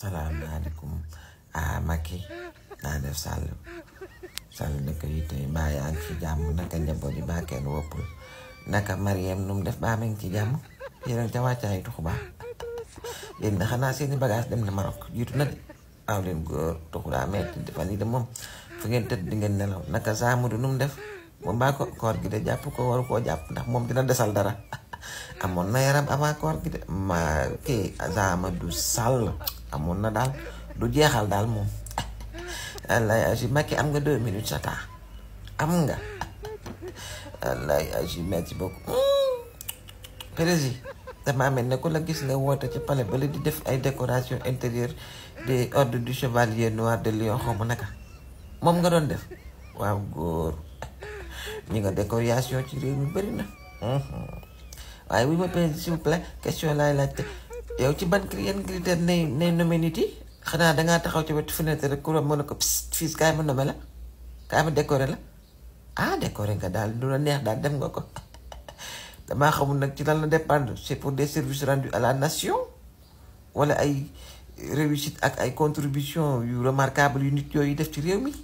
assalamualaikum ah maki naa salo sàll sàll naka yitte yi mbaa yaa jamu. ci jàmm naka di yi mbaa kenn woppul naka Mariem nu def baa ma ngi ci jàmm yéen a ngi ca wàccaay tuxu baa yéen da xanaa seeni bagage dem na Maroc jiitu na de aw leen góor tuxu daa metti defal yi de moom fu ngeen tëdd di ngeen naka Saamudu nu mu def moom baa ko koor gi de jàpp ko waru koo jàpp ndax moom dina desal dara amoon na yaram avant koor gi de ma kii Saamudu Sàll amoon na daal du jeexal daal moom wallaay aji Macky am nga deux minutes sa temps am nga wallaay aji metti bokku président dama mel ne ku la gis nga woote ci palais bala di def ay décoration intérieure des ordres du chevalier noir de Lion xaw ma moom nga doon def waaw góor ñi nga décoration ci réew mi na waaye wi ma s'il vous plaît question laay laajte yow ci ban yan critère nay nay nommé nit yi xanaa dangaa taxaw ci wetu fenêtre rek ku la mën a ko fii kaay ma nommé la kaay ma décoré la ah décoré nga daal lu neex daal dem nga ko damaa xamul nag ci lan la dépendre c'est pour des service rendus à la nation wala ay réussite ak ay contribution yu remarquable yu nit yooyu def ci réew mi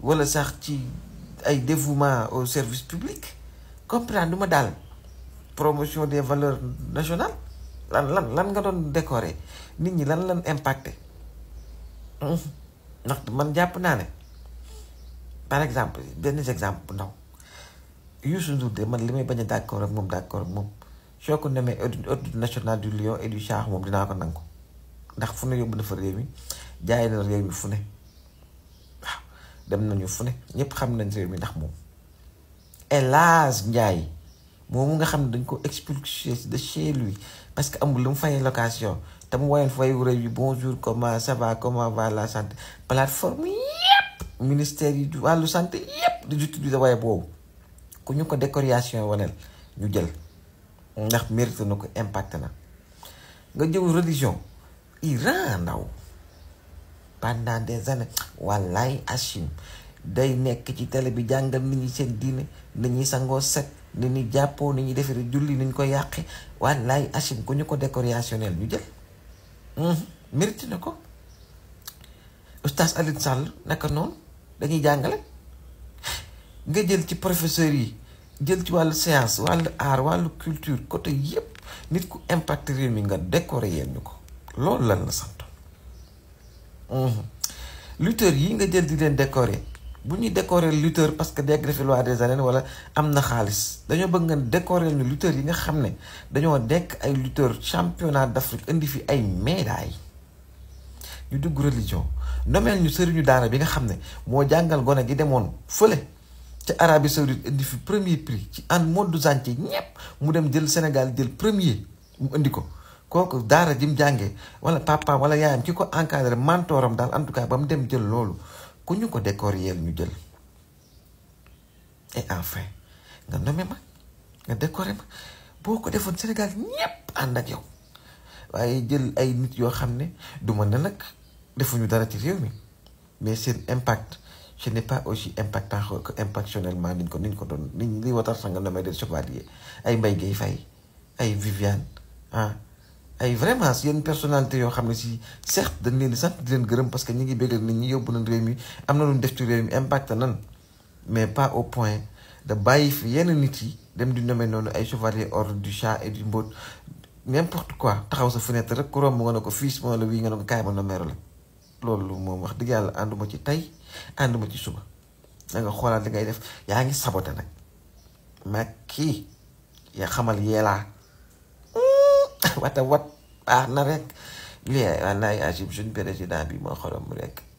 wala sax ci ay dévouement au service public comprendre du ma daal promotion des valeurs nationales lan lan lan nga doon décorer nit ñi lan lan impacté mhm. ndax man jàpp naa ne par exemple benn exemple bu ndaw Youssou Ndour de man li may bañ a d'accord ak moom d'accord ak moom soo ko nommé ordre national du lion et du chat moom dinaa ko nangu ndax fu ne yóbbu na fa réew mi jaay na réew mi fu ne waaw dem nañu fu ne ñëpp xam nañ réew mi ndax moom El Hadj moomu nga xam ne dañ ko expulsé de chez lui parce que amul lu mu fay location te mu woyoon fayu réew yi bonjour comment ça va comment va la santé plateforme yëpp ministère yi wàllu santé yëpp di jutu di da waaye boobu ku ñu ko décoration waneel ñu jël ndax mérite na ko impact na nga jëw religion Iran ndaw pendant des années wallaay Hachim day nekk ci télé bi jàngal nit ñi seen diine nit ñi sangoo ni ñu jàppoo ni ñu defaree julli ni ñu ko yàqee wallaay Hachim ku ñu ko décorationnel ñu jël hmm, mérite na ko oustaz Alioune Sall naka noonu dañuy jàngale nga jël ci professeurs yi jël ci wàllu science wàllu art wàllu culture côté yépp nit ku impact réew mi nga décoré yéen ñu ko loolu lan la santoon hmm, lutteurs yi nga jël di leen décorer bu ñu décorer lutteur parce que dégg fi loi des arènes am na xaalis dañoo bëgg nga décorer ñu lutteur yi nga xam ne dañoo dekk ay lutteur championnat d'Afrique indi fi ay médailles ñu dugg religion nomeel ñu sëriñu daara bi nga xam ne moo jàngal gone gi demoon fële ca Arabie Saoudite indi fi premier prix ci en monde entier ñëpp mu dem jël Sénégal jël premier mu indi ko kooku daara jim jàngee wala papa wala yaayam ki ko encadré mentoram daal en tout cas ba mu dem jël loolu ku ñu ko décoré ñu jël et enfin nga nommé ma nga décoré ma boo ko defoon Sénégal ñépp ànd yow waaye jël ay nit yoo xam ne du ma ne nag defuñu dara ci réew mi mais seen impact ce n'est pas aussi impactant que impactionnellement niñ ko niñ ko doon nit niñ li watar sax nga nommé des chevaliers ay mbay Guèye fay ay Viviane ah, ay vraiment yenn personnalité yoo xam ne si certes dañ leen di sant di leen gërëm parce que ñi ngi bégal nit ñi yóbbu nañ réew mi am na lu ñu def ci réew mi impact nan mais pas au point de bàyyi fi yenn nit yi dem di nommer noonu ay chevalier ordre du chat et du mbóot n'importe quoi taxaw sa fenêtre rek ku romb nga ne ko fii moo la wii nga ne ko kaay ma nommer la loolu moom wax dëgg yàlla ànduma ci tey ànduma ci suba da nga xoolaat li ngay def yaa ngi saboté nag kii yaa xamal yeelaa واتا وات احنا رك لي انا يعجب جن بريزيدان بي ما خرم رك